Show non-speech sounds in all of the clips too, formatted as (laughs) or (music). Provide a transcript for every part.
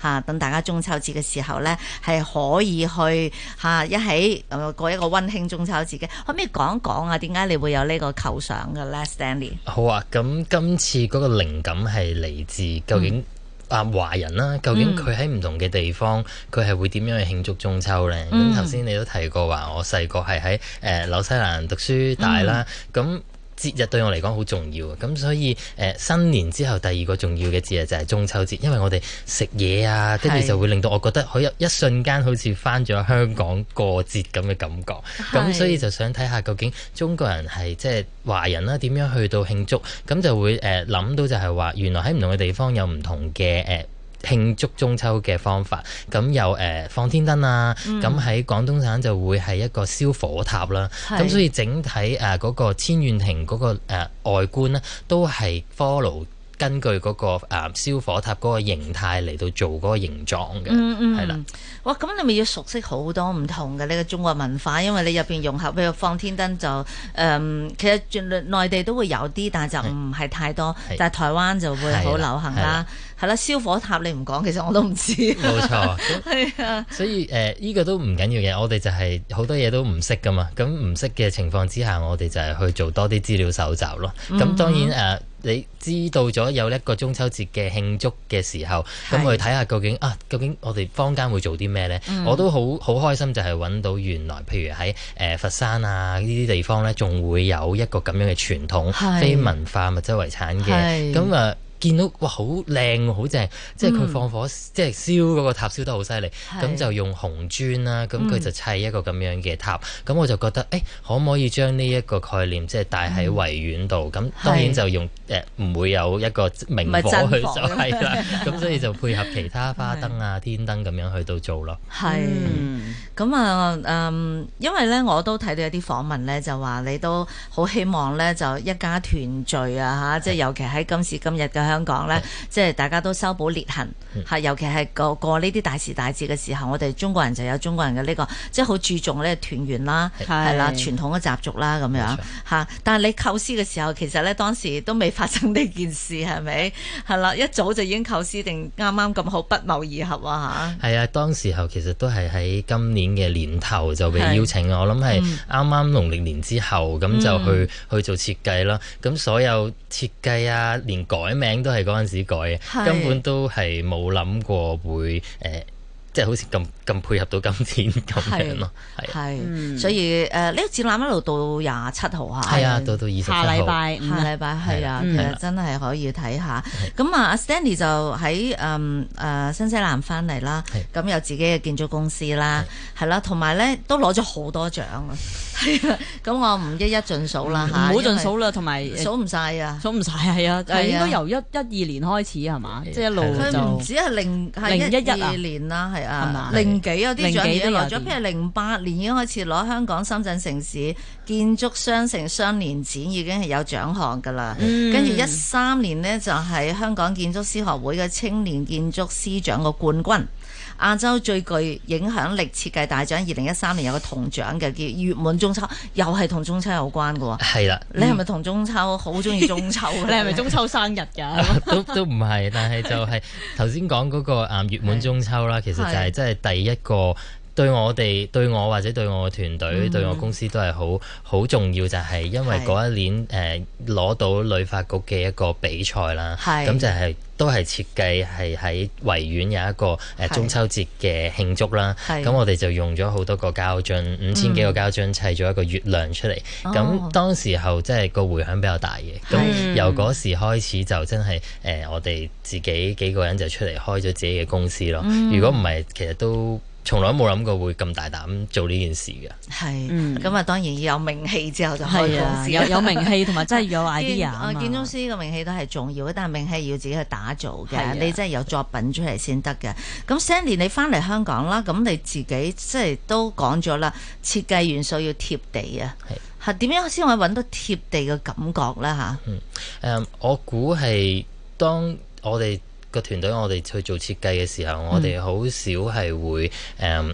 吓，等大家中秋節嘅時候呢，係可以去吓一起誒過一個溫馨中秋節嘅。可唔可以講一講啊？點解你會有呢個構想嘅呢？Stanley 好啊！咁今次嗰個靈感係嚟自究竟、嗯、啊華人啦、啊，究竟佢喺唔同嘅地方，佢係、嗯、會點樣去慶祝中秋呢？咁頭先你都提過話，我細個係喺誒紐西蘭讀書大啦，咁、嗯。嗯節日對我嚟講好重要啊，咁所以誒、呃、新年之後第二個重要嘅節日就係中秋節，因為我哋食嘢啊，跟住是就會令到我覺得好有一瞬間好似返咗香港過節咁嘅感覺，咁是所以就想睇下究竟中國人係即係華人啦、啊、點樣去到慶祝，咁就會誒諗、呃、到就係話原來喺唔同嘅地方有唔同嘅誒。呃慶祝中秋嘅方法，咁有誒、呃、放天燈啊，咁喺、嗯、廣東省就會係一個燒火塔啦，咁、嗯、所以整體誒嗰、呃那個千願亭嗰、那個、呃、外觀咧，都係 follow。根據嗰個誒燒火塔嗰個形態嚟到做嗰個形狀嘅，係啦、嗯嗯。哇，咁你咪要熟悉好多唔同嘅呢個中國文化，因為你入邊融合，譬如放天燈就誒、嗯，其實內地都會有啲，但係就唔係太多。的但係台灣就會好流行啦、啊。係啦，燒火塔你唔講，其實我都唔知。冇 (laughs) 錯，係啊。的所以誒，呢、呃呢個都唔緊要嘅，我哋就係好多嘢都唔識噶嘛。咁唔識嘅情況之下，我哋就係去做多啲資料搜集咯。咁當然誒。啊你知道咗有一個中秋節嘅慶祝嘅時候，咁去睇下究竟是啊，究竟我哋坊間會做啲咩呢？嗯、我都好好開心，就係揾到原來，譬如喺誒、呃、佛山啊呢啲地方呢，仲會有一個咁樣嘅傳統，是非文化物質遺產嘅，咁是啊。見到哇，好靚，好正！即係佢放火，嗯、即係燒嗰個塔，燒得好犀利。咁、嗯、就用紅磚啦，咁佢就砌一個咁樣嘅塔。咁、嗯、我就覺得，誒、欸，可唔可以將呢一個概念即係帶喺維園度？咁、嗯、當然就用誒，唔是、呃、會有一個明火去做，係啦。咁 (laughs) 所以就配合其他花燈啊、天燈咁樣去到做咯。係、嗯。是嗯咁啊，嗯，因為咧，我都睇到有啲訪問咧，就話、是、你都好希望咧，就一家團聚啊，吓，即係尤其喺今時今日嘅香港咧，即係是大家都修補裂痕，係是尤其係個過呢啲大時大節嘅時候，嗯、我哋中國人就有中國人嘅呢、這個即係好注重咧團圓是啦，係啦傳統嘅習俗啦咁樣吓，是但係你構思嘅時候，其實咧當時都未發生呢件事，係咪？係啦，一早就已經構思定啱啱咁好不謀而合啊吓，係啊，當時候其實都係喺今年。 (music) 嘅年頭就被邀請，是我諗係啱啱農曆年之後，咁、嗯、就去去做設計啦。咁所有設計啊，連改名都係嗰陣時改嘅，是根本都係冇諗過會誒。呃即係好似咁咁配合到今天咁樣咯，係啊，所以誒呢個展覽一路到廿七號啊，係啊，到到二十七號，下禮拜，下禮拜係啊，其實真係可以睇下。咁啊，阿 Stanley 就喺誒誒新西蘭翻嚟啦，咁有自己嘅建築公司啦，係啦，同埋咧都攞咗好多獎啊，係啊，咁我唔一一盡數啦嚇，唔好盡數啦，同埋數唔晒啊，數唔晒係啊，誒應該由一一二年開始係嘛，即係一路佢唔止係零零一一年啦。係啊，零是幾有啲獎嘅，攞咗譬如零八年已經開始攞香港深圳城市建築雙城雙年展，已經係有獎項㗎喇。跟住一三年呢，就係香港建築師學會嘅青年建築師獎嘅冠軍。亞洲最具影響力設計大獎，二零一三年有個銅獎嘅，叫月滿中秋，又係同中秋有關嘅喎。係啦的，你係咪同中秋好鍾意中秋？ (laughs) 你係咪中秋生日㗎、 (laughs) 啊？都都唔係，但係就係頭先講嗰個月滿中秋啦， (laughs) 的其實就係即係第一個。對我哋，對我或者對我嘅團隊，嗯、對我公司都係好好重要，就係、是、因為嗰一年誒攞是、呃、到旅發局嘅一個比賽啦，咁是就係、是、都係設計係喺維園有一個誒中秋節嘅慶祝啦。咁是我哋就用咗好多個膠樽，五千幾個膠樽砌咗一個月亮出嚟。咁、哦、當時候即係個迴響比較大嘅，咁是由嗰時開始就真係誒、呃、我哋自己幾個人就出嚟開咗自己嘅公司咯。嗯、如果唔係，其實都。從來冇諗過會咁大膽做呢件事嘅是，係、嗯，咁啊當然要有名氣之後就開公、啊、有有名氣同埋真係有 idea 啊！建築師呢個名氣都係重要，但係名氣要自己去打造嘅，啊、你真係有作品出嚟先得嘅。咁、啊、Sandy 你翻嚟香港啦，咁你自己即係都講咗啦，設計元素要貼地啊，係是，係點樣先可以搵到貼地嘅感覺咧？吓，誒，我估係當我哋。個團隊我哋去做設計嘅時候，嗯、我哋好少係會誒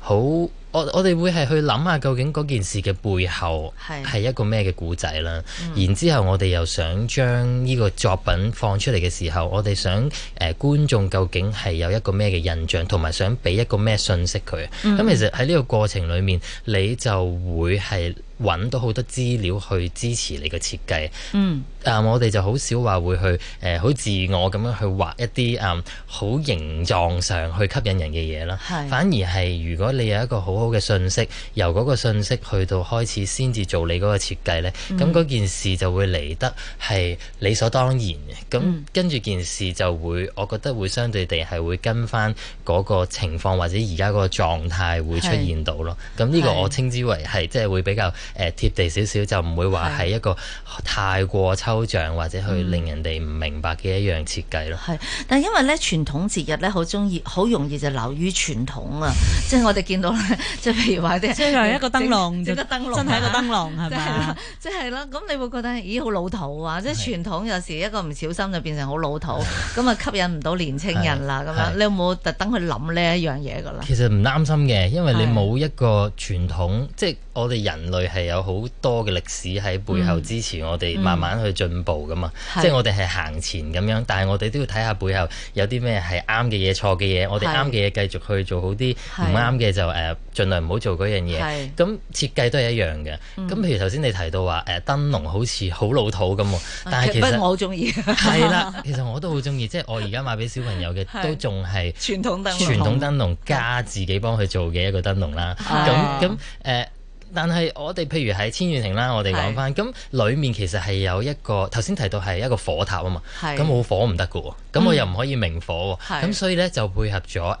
好、um, 我我哋會係去諗下究竟嗰件事嘅背後係係一個咩嘅故仔啦。嗯、然之後我哋又想將呢個作品放出嚟嘅時候，我哋想誒、呃、觀眾究竟係有一個咩嘅印象，同埋想俾一個咩信息佢。咁、嗯、其實喺呢個過程裏面，你就會係，揾到好多資料去支持你嘅設計，嗯，啊、嗯，我哋就好少話會去，誒、呃，好自我咁樣去畫一啲啊、嗯，好形狀上去吸引人嘅嘢啦，是反而係如果你有一個好好嘅信息，由嗰個信息去到開始先至做你嗰個設計呢，咁嗰、嗯嗯、件事就會嚟得係理所當然嘅，咁跟住件事就會，我覺得會相對地係會跟翻嗰個情況或者而家嗰個狀態會出現到咯，咁呢是個我稱之為係即係會比較。誒，貼地少少就唔會話係一個太過抽象或者去令人哋唔明白嘅一樣設計咯。係，但係因為咧傳統節日咧好中意，好容易就流於傳統啊！即係我哋見到咧，即係譬如話你，即係一個燈籠，一個燈籠，真係一個燈籠係咪？即係啦，咁你會覺得咦好老土啊！即係傳統有時一個唔小心就變成好老土，咁啊吸引唔到年青人啦咁樣。你有冇特登去諗呢一樣嘢噶啦？其實唔擔心嘅，因為你冇一個傳統，即係我哋人類係，有好多嘅歷史喺背後支持我哋慢慢去進步噶嘛，即係我哋係行前咁樣，但係我哋都要睇下背後有啲咩係啱嘅嘢、錯嘅嘢，我哋啱嘅嘢繼續去做好啲，唔啱嘅就誒盡量唔好做嗰樣嘢。咁設計都係一樣嘅。咁譬如頭先你提到話誒燈籠好似好老土咁，但係其實我好中意。係啦，其實我都好中意，即係我而家買俾小朋友嘅都仲係傳統燈籠，傳統燈籠加自己幫佢做嘅一個燈籠啦。咁咁誒。但係我哋譬如喺千與城啦，我哋講翻，咁是裏面其實係有一個頭先提到係一個火塔啊嘛，咁冇是火唔得嘅喎，咁我又唔可以明火喎，喔，咁，嗯、所以咧就配合咗誒誒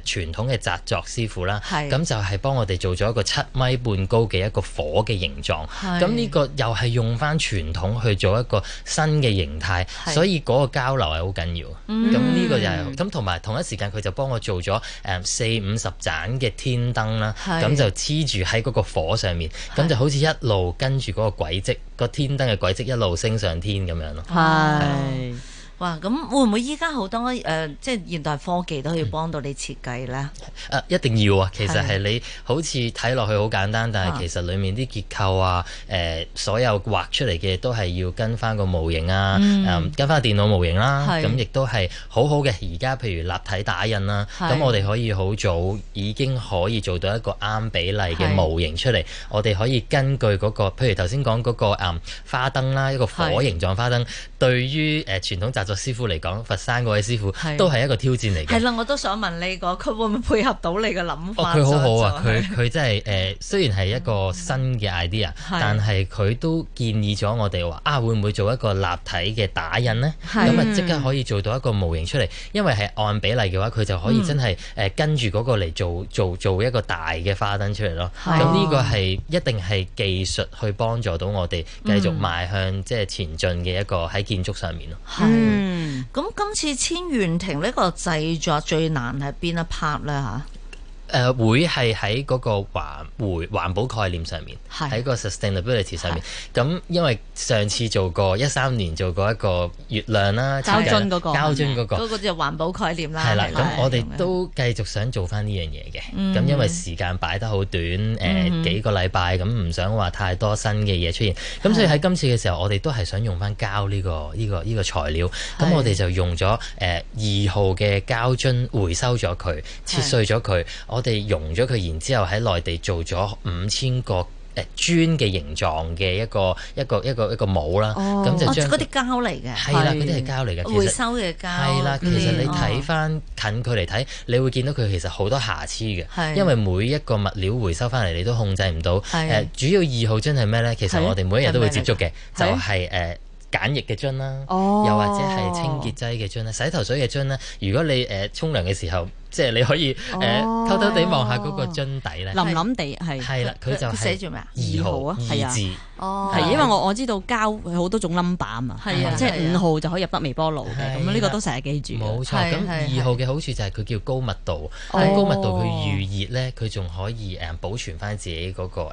傳統嘅紮作師傅啦，咁是就係幫我哋做咗一個七米半高嘅一個火嘅形狀，咁呢是個又係用翻傳統去做一個新嘅形態，是所以嗰個交流係好緊要，咁呢，嗯、個就係咁同埋同一時間佢就幫我做咗誒，嗯、四五十盞嘅天燈啦，咁就黐住喺嗰個。火上面，咁就好似一路跟住嗰個軌跡，個是的 天燈嘅軌跡一路升上天咁樣咯。係。是的 哇，咁會唔會依家好多誒、呃、即係現代科技都可以幫到你設計咧？一定要啊！其實係你好似睇落去好簡單，但係其實裏面啲結構啊，誒、呃、所有畫出嚟嘅都係要跟翻個模型啊，呃、跟翻電腦模型啦、啊。咁亦都係好好嘅。而家譬如立體打印啦、啊，咁是我哋可以好早已經可以做到一個啱比例嘅模型出嚟。是我哋可以根據嗰、嗰個，譬如頭先講嗰個誒、嗯、花燈啦、啊，一個火形狀花燈是對於誒傳統。習。作師傅嚟講，佛山嗰位師傅都係一個挑戰嚟嘅。係啦，我都想問呢個，佢會唔會配合到你嘅諗法，就是？哦，佢好好啊！佢佢真係誒、呃，雖然係一個新嘅 idea，嗯、但係佢都建議咗我哋話啊，會唔會做一個立體嘅打印呢？咁啊的，即刻可以做到一個模型出嚟。因為係按比例嘅話，佢就可以真係誒跟住嗰個嚟做做做一個大嘅花燈出嚟咯。咁呢、嗯、個係一定係技術去幫助到我哋繼續邁向即係前進嘅一個喺建築上面咯。嗯嗯，咁今次《千元庭》呢個製作最難係邊一 part 咧吓？誒會係喺嗰個環回環保概念上面，喺個 sustainability 上面。咁因為上次做過一三年做過一個月亮啦，膠樽嗰個膠樽嗰個嗰個就環保概念啦。係啦，咁我哋都繼續想做翻呢樣嘢嘅。咁因為時間擺得好短，誒幾個禮拜，咁唔想話太多新嘅嘢出現。咁所以喺今次嘅時候，我哋都係想用翻膠呢個呢個呢個材料。咁我哋就用咗誒二號嘅膠樽回收咗佢，切碎咗佢，我哋融咗佢，然之後喺內地做咗五千個誒、呃、磚嘅形狀嘅一個一個一個一個帽啦，咁、哦、就將嗰啲膠嚟嘅係啦，嗰啲係膠嚟嘅，其實回收嘅膠係啦。其實你睇翻近佢嚟睇，嗯、你會見到佢其實好多瑕疵嘅，嗯、因為每一個物料回收翻嚟，你都控制唔到。誒的、呃，主要二號樽係咩咧？其實我哋每日都會接觸嘅，的就係、是、誒。呃簡易嘅樽啦，又或者係清潔劑嘅樽啦，洗頭水嘅樽啦。如果你誒沖涼嘅時候，即係你可以誒偷偷地望下嗰個樽底咧，冧冧地係。係啦，佢就係寫住咩啊？二號啊，二字。哦，係因為我我知道膠有好多種 number 啊嘛，即係五號就可以入得微波爐嘅，咁呢個都成日記住。冇錯，咁二號嘅好處就係佢叫高密度，咁高密度佢預熱咧，佢仲可以誒保存翻自己嗰個誒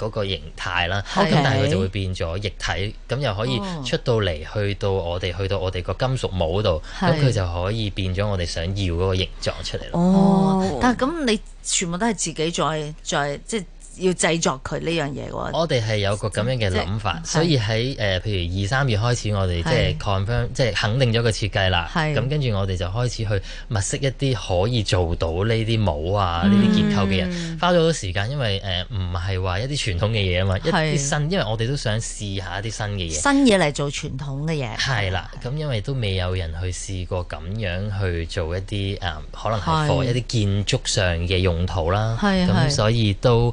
嗰個形態啦，咁 Okay. 但係佢就會變咗液體，咁又可以出、oh. 到嚟，去到我哋去到我哋個金屬帽度，咁佢、oh. 就可以變咗我哋想要嗰個形狀出嚟咯。哦、oh.，但係咁你全部都係自己再再即係。要製作佢呢樣嘢喎，我哋係有個咁樣嘅諗法，所以喺誒譬如二三月開始，我哋即係 confirm，即係肯定咗個設計啦。咁跟住我哋就開始去物色一啲可以做到呢啲帽啊，呢啲結構嘅人，花咗好多時間，因為誒唔係話一啲傳統嘅嘢啊嘛，一啲新，因為我哋都想試下一啲新嘅嘢。新嘢嚟做傳統嘅嘢。係啦，咁因為都未有人去試過咁樣去做一啲誒可能係貨一啲建築上嘅用途啦。係咁所以都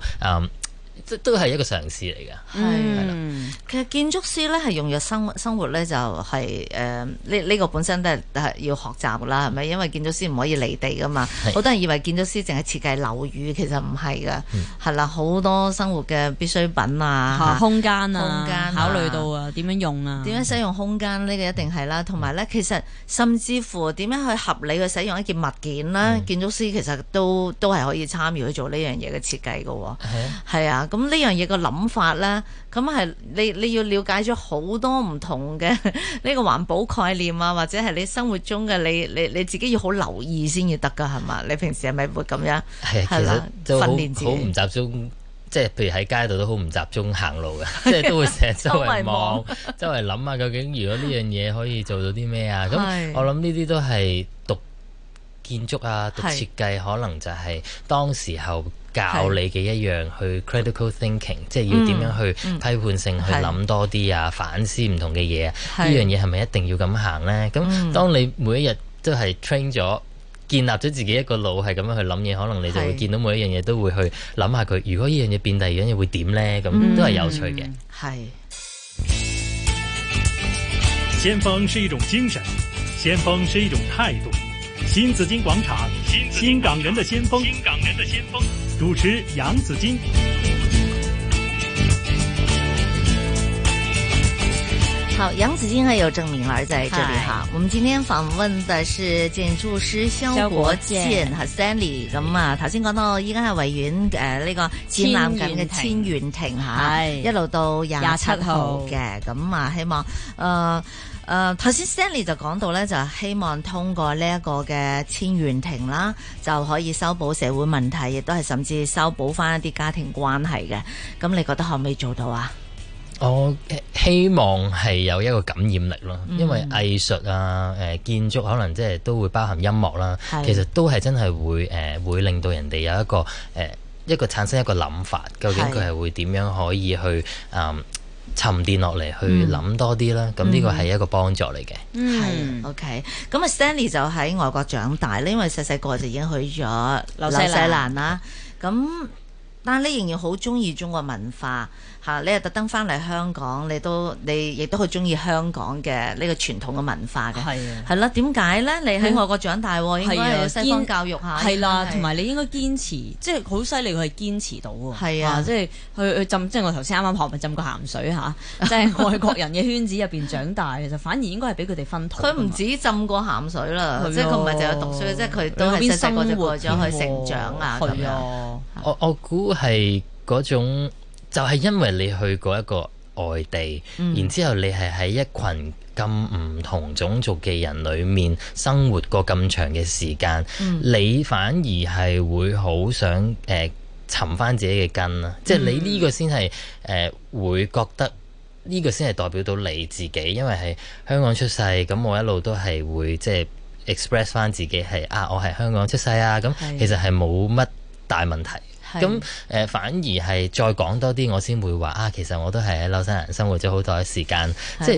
即都係一個嘗試嚟嘅，係係啦。其實建築師咧係融入生活，生活咧就係誒呢呢個本身都係要學習啦，係咪？因為建築師唔可以離地噶嘛，好是多人以為建築師淨係設計樓宇，其實唔係噶，係、嗯、啦，好多生活嘅必需品啊，啊，空間啊，考慮到啊點樣用啊，點樣使用空間呢，呢個一定係啦，同埋咧其實甚至乎點樣去合理去使用一件物件咧，嗯、建築師其實都都係可以參與去做呢樣嘢嘅設計噶，係啊，咁呢樣嘢個諗法咧，咁係你。你要了解咗好多唔同嘅呢個環保概念啊，或者係你生活中嘅你你你自己要好留意先至得噶，係嘛？你平時係咪會咁樣？係的，的其實訓練自己。好唔集中，即係譬如喺街度都好唔集中行路嘅，即係都會成日周圍望、 (laughs) (laughs) 周圍諗啊。究竟如果呢樣嘢可以做到啲咩啊？咁 (laughs) 我諗呢啲都係。建築啊，讀設計是可能就係當時候教你嘅一樣，去 critical thinking、嗯、即係要點樣去批判性、嗯、去諗多啲啊，是反思唔同嘅嘢。呢樣嘢係咪一定要咁行呢？咁是當你每一日都係 train 咗，建立咗自己一個腦，係咁樣去諗嘢，可能你就會見到每一樣嘢都會去諗下佢。如果呢樣嘢變第二樣嘢會點呢？咁都係有趣嘅。係、嗯。先鋒是一種精神，先鋒是一種態度。新紫金廣場，新，廣場新港人的先鋒，主持楊紫金。紫好，楊紫金又有證明啦，在這裏哈。Hi. 我們今天訪問的是建築師蕭國健。和 s a n d y 咁啊，頭先講到依家係維園誒呢、呃這個展覽緊嘅千元亭吓，亭 Hi. 一路到廿七號嘅，咁啊，希望誒。嗯誒頭先 Sally 就講到咧，就希望通過呢一個嘅千園庭啦，就可以修補社會問題，亦都係甚至修補翻一啲家庭關係嘅。咁你覺得可唔可以做到啊？我希望係有一個感染力咯，因為藝術啊，誒、呃、建築可能即係都會包含音樂啦，mm hmm. 其實都係真係會誒、呃、會令到人哋有一個誒、呃、一個產生一個諗法，究竟佢係會點樣可以去誒？呃沉澱落嚟去諗多啲啦，咁呢個係一個幫助嚟嘅。嗯，係，OK。咁啊 Stanley 就喺外國長大咧，因為細細個就已經去咗紐西蘭啦。咁但係你仍然好中意中國文化嚇，你又特登翻嚟香港，你都你亦都好中意香港嘅呢個傳統嘅文化嘅係係啦，點解咧？你喺外國長大喎，應該有西方教育嚇係啦，同埋你應該堅持，即係好犀利，佢係堅持到喎係啊！即係去去浸，即係我頭先啱啱學咪浸過鹹水嚇，即係外國人嘅圈子入邊長大，其實反而應該係俾佢哋分枱。佢唔止浸過鹹水啦，即係佢唔係淨係讀書，即係佢都係喺生活度成長。咁樣，我我估。係嗰種，就係、是、因為你去過一個外地，嗯、然之後你係喺一群咁唔同種族嘅人裏面生活過咁長嘅時間，嗯、你反而係會好想誒尋翻自己嘅根啊！即係、嗯、你呢個先係誒會覺得呢、這個先係代表到你自己，因為係香港出世，咁我一路都係會即係 express 翻自己係啊，我係香港出世啊，咁其實係冇乜大問題。咁誒、呃，反而係再講多啲，我先會話啊。其實我都係喺紐西蘭生活咗好多時間，的即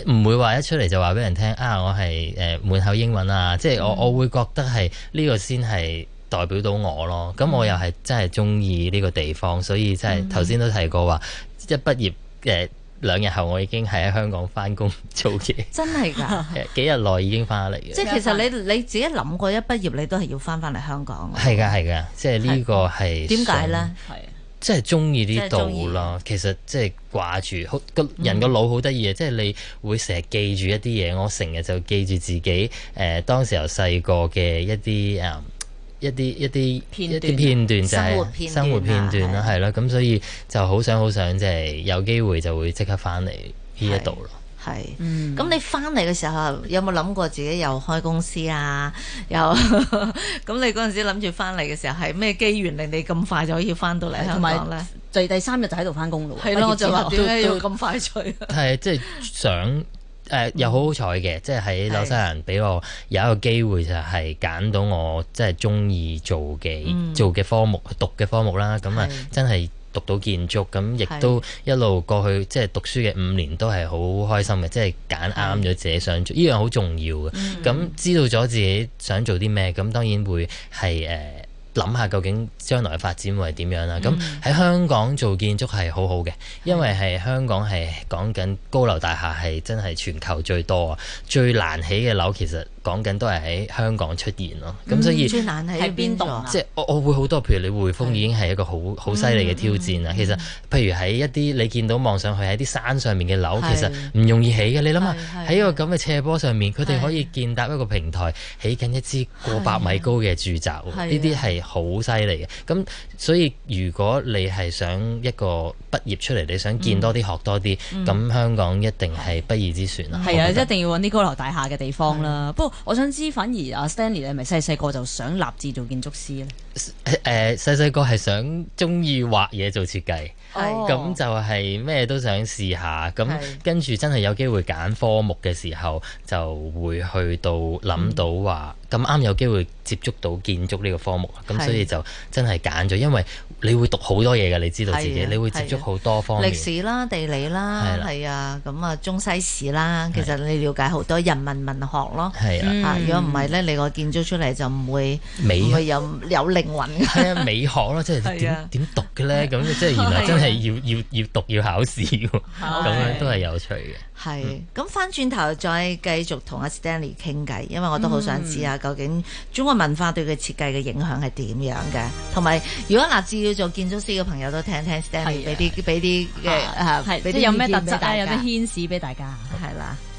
係唔會話一出嚟就話俾人聽啊。我係誒、呃、滿口英文啊，即係我、嗯、我會覺得係呢、呢個先係代表到我咯。咁我又係真係中意呢個地方，所以真係頭先都提過話一畢業嘅。呃兩日後，我已經係喺香港翻工做嘢 (laughs) 嗎，真係㗎！幾日內已經翻嚟嘅。即係其實你你自己諗過，一畢業你都係要翻翻嚟香港。係噶，係噶，即係呢個係點解呢？係即係中意呢度咯。其實即係掛住好，個人個腦好得意嘅。嗯、即係你會成日記住一啲嘢。我成日就記住自己誒、呃、當時時候細個嘅一啲誒。嗯一啲一啲一啲片段，片段、就係、生活片段啦，係啦，咁所以就好想好想，即係有機會就會即刻翻嚟呢一度咯。係，咁你翻嚟嘅時候有冇諗過自己又開公司啊？又咁、嗯、 (laughs) 你嗰陣時諗住翻嚟嘅時候係咩機緣令你咁快就可以翻到嚟香港咧？第第三日就喺度翻工嘞喎！係咯、啊，就話點解要咁快脆？係即係想。誒、呃、又好好彩嘅。嗯、即係喺紐西蘭俾我有一個機會，就係揀到我即係中意做嘅、嗯、做嘅科目讀嘅科目啦。咁啊、嗯，真係讀到建築，咁亦是都一路過去即係、就是、讀書嘅五年都係好開心嘅，是即係揀啱咗自己想做，呢是樣好重要嘅。咁、嗯、知道咗自己想做啲咩，咁當然會係誒。呃諗下究竟將來嘅發展會係點樣啦？咁喺香港做建築，係好好嘅，因為係香港係講緊高樓大廈係真係全球最多啊，最難起嘅樓其實。講緊都係喺香港出現咯，咁所以難喺邊度？即係我我會好多，譬如你匯豐已經係一個好好犀利嘅挑戰啦。其實譬如喺一啲你見到望上去喺啲山上面嘅樓，其實唔容易起嘅。你諗下喺一個咁嘅斜坡上面，佢哋可以建搭一個平台，起緊一支過百米高嘅住宅，呢啲係好犀利嘅。咁所以如果你係想一個畢業出嚟，你想見多啲學多啲，咁香港一定係不二之選啦。係啊，一定要搵啲高樓大廈嘅地方啦。不過我想知，反而阿 Stanley 係咪細細個就想立志做建築師咧？誒，細細個係想中意畫嘢，做設計，咁就係咩都想試下。咁跟住真係有機會揀科目嘅時候，就會去到諗到話咁啱有機會接觸到建築呢個科目。咁所以就真係揀咗，因為你會讀好多嘢嘅，你知道自己你會接觸好多方面，歷史啦、地理啦，係啊，咁啊中西史啦。其實你了解好多人民文學咯，係啦。如果唔係呢，你個建築出嚟，就唔會美、有力。係啊，美學咯，即係點的讀嘅咧？咁即係原來真係要的要要讀要考試，咁的樣都係有趣嘅。係，咁翻轉頭再繼續同阿 Stanley 傾偈，因為我都好想知下究竟中國文化對佢設計嘅影響係點樣嘅，同埋如果立志要做建築師嘅朋友都聽聽 Stanley，俾啲俾啲嘅有咩特質？有咩牽使俾大家？係啦。的